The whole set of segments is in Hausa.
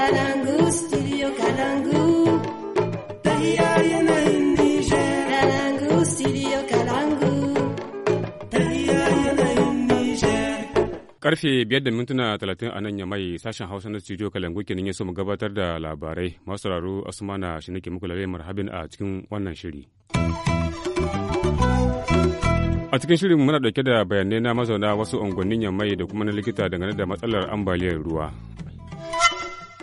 Kalangu, Karfe biyar da mintuna talatin a nan ya mai sashen Hausa na studio Kalangu kenan ya so mu gabatar da labarai. Masu raro Asmana shi nake muku lalai marhabin a cikin wannan shiri. A cikin shirin muna dauke da bayanai na mazauna wasu unguwannin yamai da kuma na likita dangane da matsalar ambaliyar ruwa.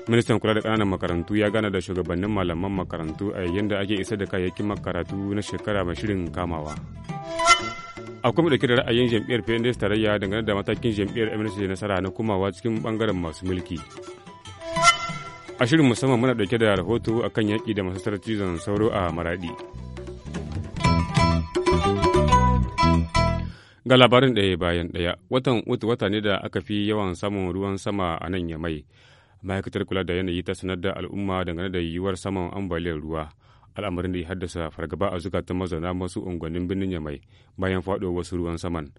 ministan kula da kananan makarantu ya gana da shugabannin malaman makarantu a yayin da ake isar da kayayyakin makarantu na shekara mai shirin kamawa akwai mu da ra'ayin jam'iyyar pnds tarayya dangane da matakin jam'iyyar mnc nasara na kumawa cikin bangaren masu mulki a shirin musamman muna dauke da rahoto a kan yaƙi da masasar cizon sauro a Maraɗi. ga labarin ɗaya bayan ɗaya watan uku wata ne da aka fi yawan samun ruwan sama a nan yamai ma'aikatar kula da yanayi ta sanar da al'umma dangane da yiwuwar saman ambaliyar ruwa al'amarin da ya haddasa fargaba a zukatan mazauna masu unguwannin birnin yamai bayan faɗo wasu ruwan saman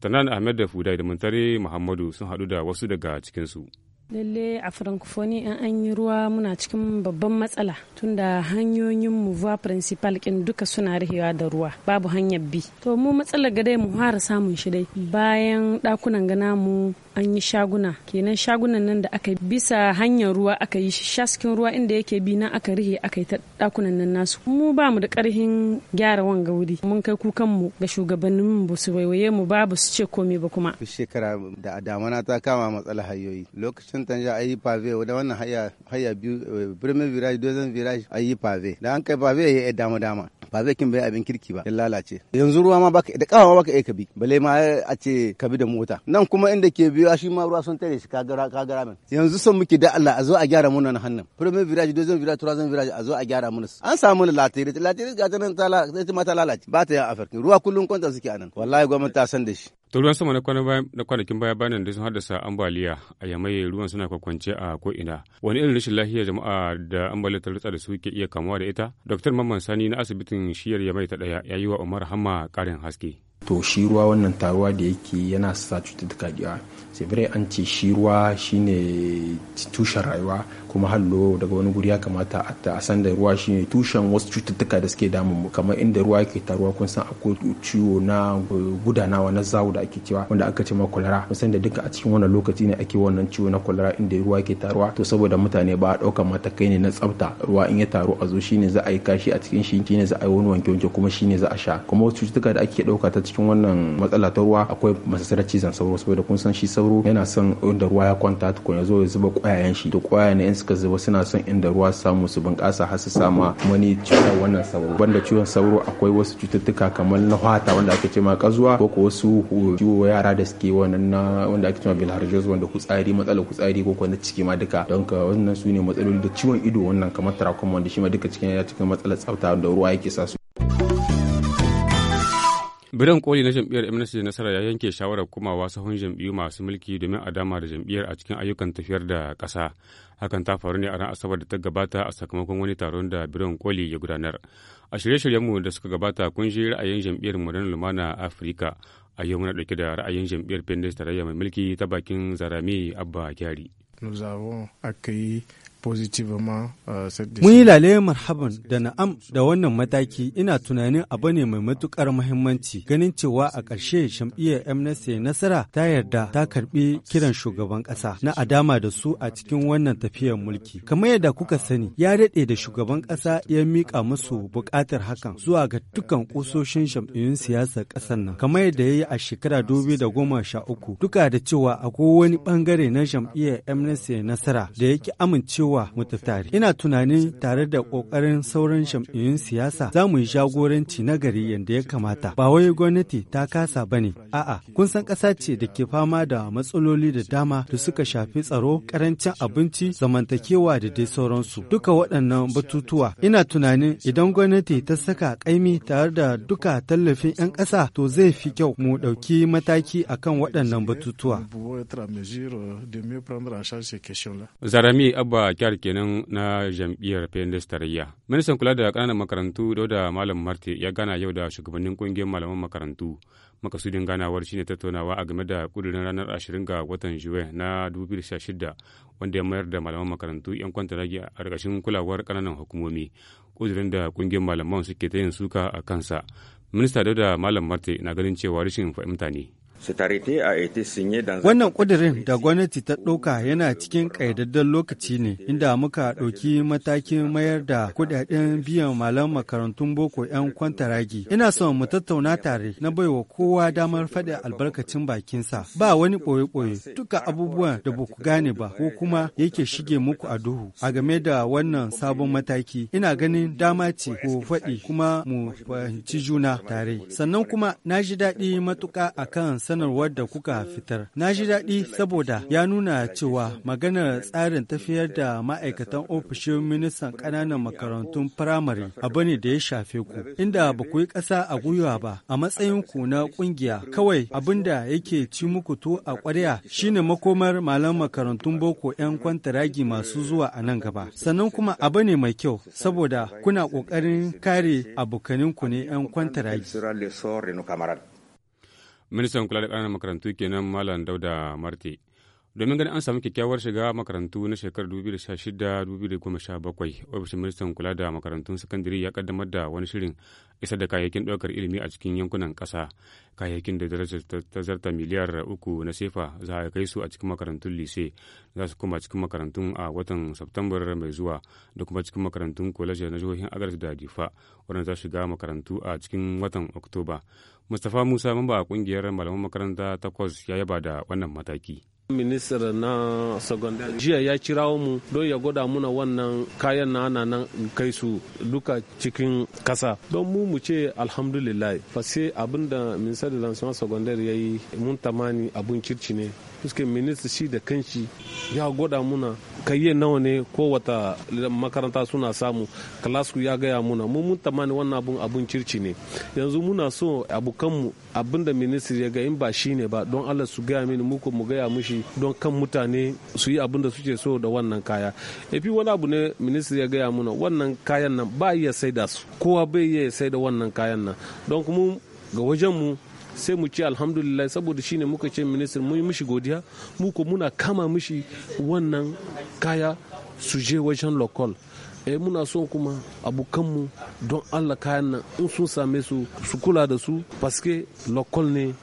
tanan ahmed da fudai da muntare muhammadu sun haɗu da wasu daga cikinsu lalle a francophonie in an yi ruwa muna cikin babban matsala tunda hanyoyin mu voie principal kin duka suna rihewa da ruwa babu hanyar bi to mu matsalar ga dai mu fara samun shi dai bayan dakunan gana mu an yi shaguna kenan shagunan nan da aka bisa hanyar ruwa aka yi shaskin ruwa inda yake bi na aka rihe aka yi ta dakunan nan nasu mu ba mu da karhin gyara wanga wuri mun kai kukan mu ga shugabannin mu ba su waiwaye mu ba ba su ce komai ba kuma shekara da damana ta kama matsalar hayoyi lokacin tanja ayi pave da wannan haya haya biyu eh, birnin virage dozen virage ayi pave da an kai pave ya dama dama ba zai kin bai abin kirki ba ya lalace yanzu ruwa ma baka da kawawa baka ka bi bale ma a ce ka bi da mota nan kuma inda ke biyo shi ma ruwa sun tare shi ka gara ka gara min yanzu son muke da Allah a zo a gyara mun nan hannan premier village deuxième village troisième village a zo a gyara mun an samu latire latire ga ta nan ta ma ta lalace ba ta yan afirka ruwa kullun kwanta suke anan wallahi gwamnati ta san da shi to ruwan sama na kwanakin baya bayan da sun haddasa ambaliya a yamaye ruwan suna kwakwance a ko'ina wani irin rashin lafiya jama'a da ambaliyar ta rutsa da su ke iya kamuwa da ita dr mamman sani na asibitin shiyar yamai ta ɗaya ya yi wa umar hamma karin haske to shi ruwa wannan taruwa da yake yana sa cututtuka da yawa bare an ce shi ruwa shine tushen rayuwa kuma hallo daga wani guri ya kamata a san da ruwa shine tushen wasu cututtuka da suke damun mu kamar inda ruwa yake taruwa kun san akwai ciwo na gudanawa na zawo da ake cewa wanda aka ce ma kwalara mun san da duka a cikin wannan lokaci ne ake wannan ciwo na kwalara inda ruwa yake taruwa to saboda mutane ba a ɗaukar matakai ne na tsafta ruwa in ya taru a zo shine za a yi kashi a cikin shi shine za a yi wani wanke wanke kuma shine za a sha kuma wasu cututtuka da ake ɗauka ta cikin wannan matsala ta ruwa akwai masasarar cizon sauro saboda kun san shi sauro yana son inda ruwa ya kwanta tukun ya zo ya zuba kwayayen shi da kwayayen in suka zuba suna son inda ruwa samu su bunƙasa har su sama wani cutar wannan sauro banda ciwon sauro akwai wasu cututtuka kamar na hata wanda ake cewa kazuwa ko ko wasu ciwo yara da suke wannan na wanda ake cewa bilharjoz wanda kutsari matsalar kutsari ko ko na ciki ma duka don ka wannan su ne matsaloli da ciwon ido wannan kamar trachoma wanda shi ma duka cikin ya cikin matsalar tsafta da ruwa yake sa su biran koli na jam'iyyar mnc nasara ya yanke shawarar komawa sahun jam'iyyu masu mulki domin a dama da jam'iyyar a cikin ayyukan tafiyar da ƙasa hakan ta faru ne a ran asabar da ta gabata a sakamakon wani taron da biron koli ya gudanar a shirye-shiryenmu da suka gabata kun ji ra'ayin jam'iyyar modern lumana afirka a yau muna ɗauke da ra'ayin jam'iyyar pendes tarayya mai mulki ta bakin zarami abba kyari nous avons accueilli Uh, Mun yi lale marhaban da na'am da wannan mataki ina tunanin abu ne mai matukar muhimmanci ganin cewa a ƙarshe jam'iyyar MNC nasara ta yarda ta karbi kiran shugaban ƙasa na adama da su a cikin wannan tafiyar mulki. Kamar yadda kuka sani ya daɗe da shugaban ƙasa ya miƙa musu buƙatar hakan zuwa ga dukkan ƙusoshin jam'iyyun siyasar ƙasar nan kamar yadda ya yi a shekara dubu da goma sha uku duka da cewa akwai wani ɓangare na jam'iyyar MNC nasara da ya yake amincewa zuwa mutattari. ina tunanin tare da ƙoƙarin sauran jam'iyyun siyasa za mu yi jagoranci na gari yadda ya kamata ba wai gwamnati ta kasa ba ne a'a kun san ƙasa ce da ke fama da matsaloli da dama da suka shafi tsaro ƙarancin abinci zamantakewa da dai sauransu duka waɗannan batutuwa ina tunanin idan gwamnati ta saka ƙaimi tare da duka tallafin 'yan ƙasa to zai fi kyau mu ɗauki mataki akan waɗannan batutuwa. Zarami Abba jihar kenan na jam'iyyar PNDS tarayya. Ministan kula da ƙananan makarantu Dauda Malam Marte ya gana yau da shugabannin kungiyar malaman makarantu. Makasudin ganawar shine tattaunawa a game da ƙudurin ranar ashirin ga watan Juwe na 2016 wanda ya mayar da malaman makarantu 'yan kwantaragi a ƙarƙashin kulawar kananan hukumomi. Ƙudurin da ƙungiyar malaman suke ta yin suka a kansa. Minista Dauda Malam Marte na ganin cewa rashin fahimta ne. Wannan ƙudirin da gwamnati ta ɗauka yana cikin ƙayyadadden lokaci ne, inda muka ɗauki matakin mayar da kuɗaɗen biyan malam makarantun boko 'yan kwantaragi. Ina son mu tattauna tare na baiwa kowa damar faɗi albarkacin bakinsa. Ba wani ɓoye-ɓoye, duka abubuwan da ba ku gane ba ko kuma yake shige muku a duhu. A game da wannan sabon mataki, ina ganin dama ce ku faɗi kuma mu fahimci juna tare. Sannan kuma na ji daɗi matuƙa akan sanarwar da kuka fitar. Na ji daɗi saboda ya nuna cewa maganar tsarin tafiyar da ma'aikatan ofishin ministan ƙananan makarantun firamare abu ne da ya shafe ku, inda ba ku yi ƙasa a gwiwa ba a matsayin ku na ƙungiya. Kawai abin da yake ci muku to a ƙwarya shine makomar malam makarantun boko 'yan kwantaragi masu zuwa a nan gaba. Sannan kuma abu ne mai kyau saboda kuna ƙoƙarin kare abokaninku ne 'yan kwantaragi. ministan kula da ƙananan makarantu kenan malam dauda Marti. domin ganin an samu kyakkyawar shiga makarantu na shekarar 2016-2017 ofishin ministan kula da makarantun sakandare ya kaddamar da wani shirin isa da kayayyakin ɗaukar ilimi a cikin yankunan kasa kayayyakin da darajar ta zarta miliyar uku na sefa za a kai su a cikin makarantun lise za su kuma cikin makarantun a watan septambar mai zuwa da kuma cikin makarantun kwalajar na jihohin agars da difa waɗanda za shiga makarantu a cikin watan oktoba mustapha musa mamba a ƙungiyar malaman makaranta ta takwas ya yaba da wannan mataki. Ministar na secondary jiya ya kirawo mu don ya gwada muna wannan kayan na ana nan kai su duka cikin kasa. Don mu mu ce alhamdulillah fase abin da Ministar da lansuwa secondary ya yi mun tamani abun kirci ne. Fuskin minista shi da kanshi ya gwada muna kayye nawa ne ko wata makaranta suna samu kalasku ya gaya muna mun mun tamani wannan abun abun kirci ne yanzu muna so abukanmu abinda ministri ya ga in ba shi ne ba don allah su gaya mini muku mu gaya mushi shi don kan mutane su yi abin da suke so da wannan kaya efi wani abu ne ministry ya gaya muna wannan kayan nan ba iya saida su kowa bai iya saida wannan kayan nan don kuma ga wajen mu sai mu ce alhamdulillah saboda shine muka ce minister mu yi mishi godiya mu ko muna kama mishi wannan kaya su je wajen local eh muna son kuma abokanmu don allah kayan nan in sun same su su kula da su paske local ne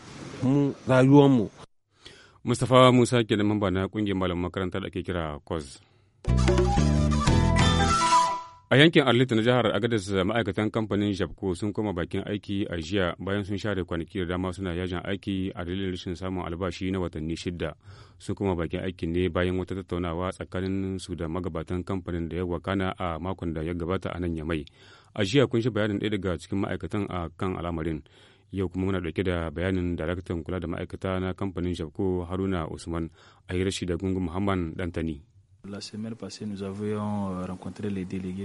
mu rayuwanmu Mustapha Musa ke da mamba na kungiyar malamin makaranta da ake kira COS. A yankin Arlita na jihar Agadez ma'aikatan kamfanin Jabko sun koma bakin aiki a jiya bayan sun share kwanaki da dama suna yajin aiki a dalilin rashin samun albashi na watanni shida. Sun koma bakin aiki ne bayan wata tattaunawa tsakanin su da magabatan kamfanin da ya wakana a makon da ya gabata a nan Yamai. A jiya kun shi bayanin ɗaya daga cikin ma'aikatan a kan al'amarin. yau kuma muna ɗauke da bayanin daraktan kula da ma'aikata na kamfanin shafko haruna usman a hirashi da gungun muhammad dantani Euh,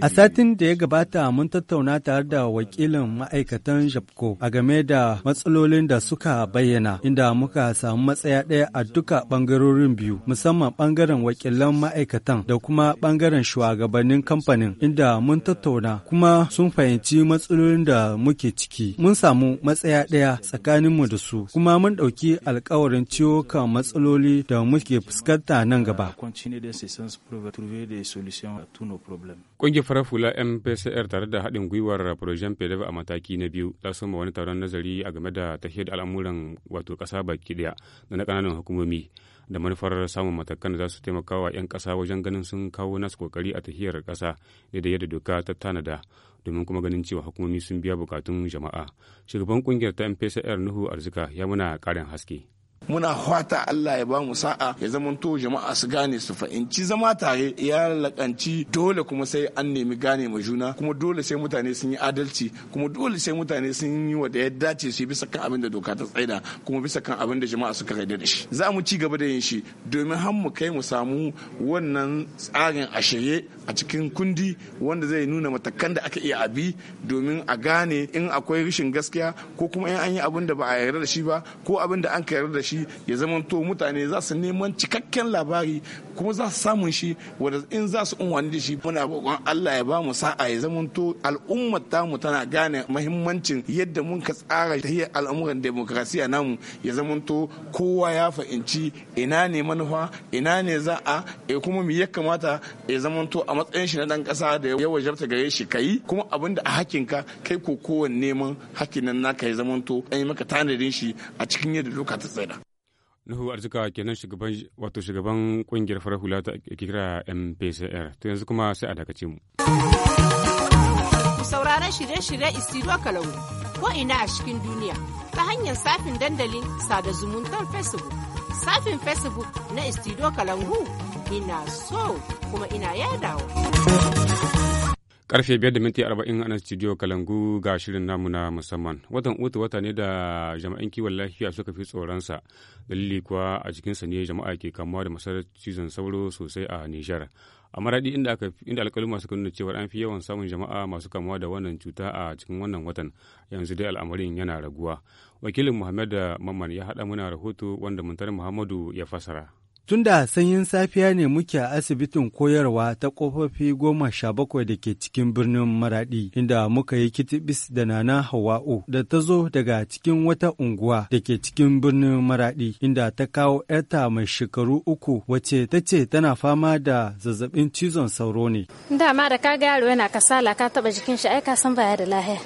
a satin da ya gabata mun tattauna tare da wakilin ma'aikatan Japco a game da matsalolin da suka bayyana inda muka samu matsaya ɗaya a duka ɓangarorin biyu musamman ɓangaren wakilan ma'aikatan da kuma ɓangaren shugabannin kamfanin inda mun tattauna kuma sun fahimci matsalolin da muke ciki. Mun samu matsaya ɗaya tsakaninmu da su kuma mun ɗauki alkawarin ciwo kan matsaloli da muke fuskanta nan gaba. assistance pour trouver des solutions à tous nos problèmes. Ƙungiyar farar MPCR tare da haɗin gwiwar Projen PDV a mataki na biyu ta soma wani taron nazari a game da tahiyar al'amuran wato ƙasa baki ɗaya da na ƙananan hukumomi da manufar samun matakan da za su taimaka wa 'yan ƙasa wajen ganin sun kawo nasu kokari a tahiyar ƙasa da yadda doka ta tanada domin kuma ganin cewa hukumomi sun biya bukatun jama'a. Shugaban ƙungiyar ta MPCR Nuhu Arzika ya muna ƙarin haske. muna fata Allah ya ba mu sa'a ya zamanto jama'a su gane su fahimci zama tare ya lakanci dole kuma sai an nemi gane ma juna kuma dole sai mutane sun yi adalci kuma dole sai mutane sun yi wa da ya dace su bisa kan abin da doka ta tsaida kuma bisa kan abin da jama'a suka kai da shi za mu ci gaba da yin shi domin har mu kai mu samu wannan tsarin a shirye a cikin kundi wanda zai nuna matakan da aka iya abi domin a gane in akwai rashin gaskiya ko kuma in an yi abin da ba a yarda da shi ba ko abin da an ka yarda da shi ya zama to mutane za su neman cikakken labari kuma za su samun shi wadda in za su unwani da shi muna bakon Allah ya ba mu sa'a ya zama to al'ummar tamu tana gane mahimmancin yadda mun ka tsara tahiyar al'amuran demokrasiya namu ya zama to kowa ya fahimci ina ne manufa ina ne za a e kuma mu ya kamata ya zama to a matsayin shi na dan kasa da ya wajarta gare shi kai kuma abin da a ka kai ko kowanne neman nan naka ya zama to an yi maka tanadin shi a cikin yadda doka ta tsada Nuhu Arzika kenan shugaban wato shugaban kungiyar farar hula ta kira MPCR. To yanzu kuma sai a dakace mu. Sauraron shirye-shirye Isidro Kalau ko ina a cikin duniya ta hanyar safin dandalin sada zumuntar Facebook. Safin Facebook na Isidro Kalangu ina so kuma ina yadawa. Karfe biyar da minti arba'in a studio Kalangu ga shirin namu na musamman. Watan utu wata ne da jama'in kiwon lafiya suka fi tsoronsa. Dalili kuwa a cikinsa ne jama'a ke kamuwa da masarar cizon sauro sosai a Nijar. A maraɗi inda, alkaluma suka nuna cewa an fi yawan samun jama'a masu kamuwa da wannan cuta a cikin wannan watan yanzu dai al'amarin yana raguwa. Wakilin Muhammad Mamman ya haɗa muna rahoto wanda Muntar Muhammadu ya fasara. tun da sanyin safiya ne muke a asibitin koyarwa ta kofofi goma sha bakwai da ke cikin birnin maraɗi inda muka yi kitibis da Nana Hawa'u da ta zo daga cikin wata unguwa da ke cikin birnin maraɗi inda ta kawo ‘yarta mai shekaru uku wace ta ce tana fama da zazzabin cizon sauro ne. Dama da ka ga yaro yana kasala ka taba jikin shi ai ka san baya da lahiya.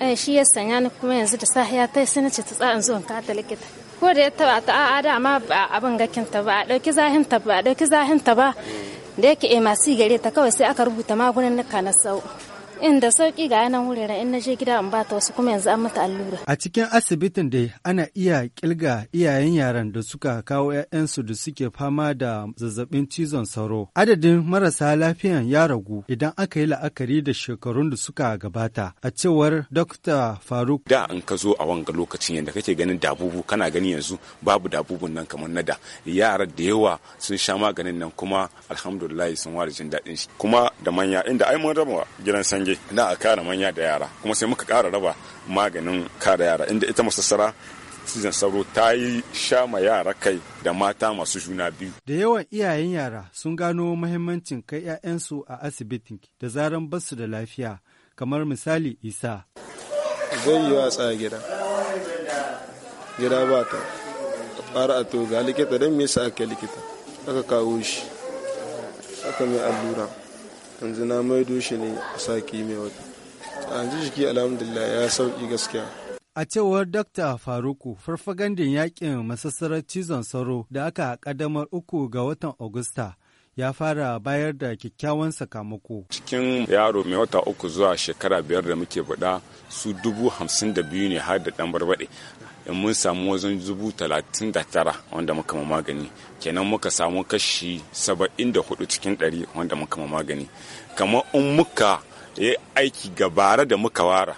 Eh shi ya sanya ni kuma yanzu da safiya ta sai na ce ta tsaya in zo ka ta likita. ko da ya taba ta a'a ma ba abin ta ba a dauki zahin ta ba a dauki zahin ta ba da yake eh, masu gare ta kawai sai aka rubuta magunan na sau Inda sauki ga yanan wuraren in na je gida in ba ta wasu kuma yanzu an mata allura. A cikin asibitin da ana iya kilga iyayen yaran da suka kawo 'ya'yansu da suke fama da zazzabin cizon sauro. Adadin marasa lafiyan ya ragu idan aka yi la'akari da shekarun da suka gabata. A cewar Dr. Faruk. Da an ka zo a wanga lokacin yadda kake ganin dabubu kana gani yanzu babu dabubun nan kamar na da. Yara da yawa sun sha maganin nan kuma alhamdulillah sun ware jin daɗin shi. Kuma da manya inda ai mun raba gidan sanyi na a kare manya da yara kuma sai muka kara raba maganin kare yara inda ita masassara cizon sauro ta yi sha ma yara kai da mata masu juna biyu. Da yawan iyayen yara sun gano mahimmancin kai 'ya'yansu a asibitin da zaran basu da lafiya kamar misali isa. Zai yi watsa gida. Gida ba ta. Fara a toga likita don me yasa likita. Aka kawo shi. Aka mai allura. yanzu na maido shi ne a saki mai wata ji jiki alhamdulillah ya sauki gaskiya A cewar Dr. Faruku, farfagandin yakin masassarar cizon sauro da aka kadamar uku ga watan Agusta ya fara bayar da kyakkyawan sakamako. Cikin yaro mai wata uku zuwa shekara biyar da muke buɗa su dubu hamsin da biyu ne har da ɗan barbaɗe. in mun samu wajen dubu talatin da tara wanda muka ma magani kenan muka samu kashi saba'in da hudu cikin dari wanda muka ma magani kamar in muka yi aiki gabara da muka wara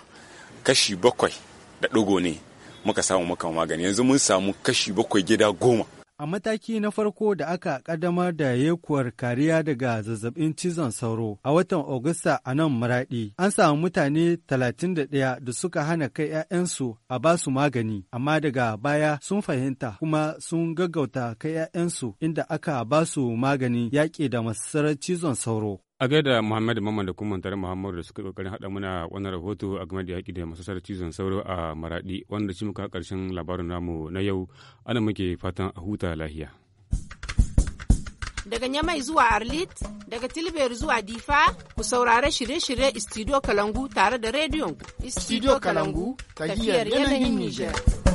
kashi bakwai da ɗigo ne muka samu muka ma magani yanzu mun samu kashi bakwai gida goma A mataki na farko da aka kaddamar da yekuwar kariya daga zazzabin cizon sauro a watan Agusta a nan Maraɗi, an samu mutane 31 da suka hana kai 'ya'yansu a ba su magani, amma daga baya sun fahimta kuma sun gaggauta kai 'ya'yansu inda aka ba su magani yaƙi da masarar cizon sauro. a gaida muhammad mamman da kuma tare muhammad da suka kokarin haɗa muna wannan rahoto a game da yaƙi da masu sarar cizon sauro a maraɗi wanda shi muka ƙarshen labarin namu na yau ana muke fatan a huta lahiya daga Nyamai zuwa Arlit, daga Tilber zuwa Difa, ku saurare shirye-shirye studio Kalangu tare da rediyon studio Kalangu, tafiyar yanayin Nijar.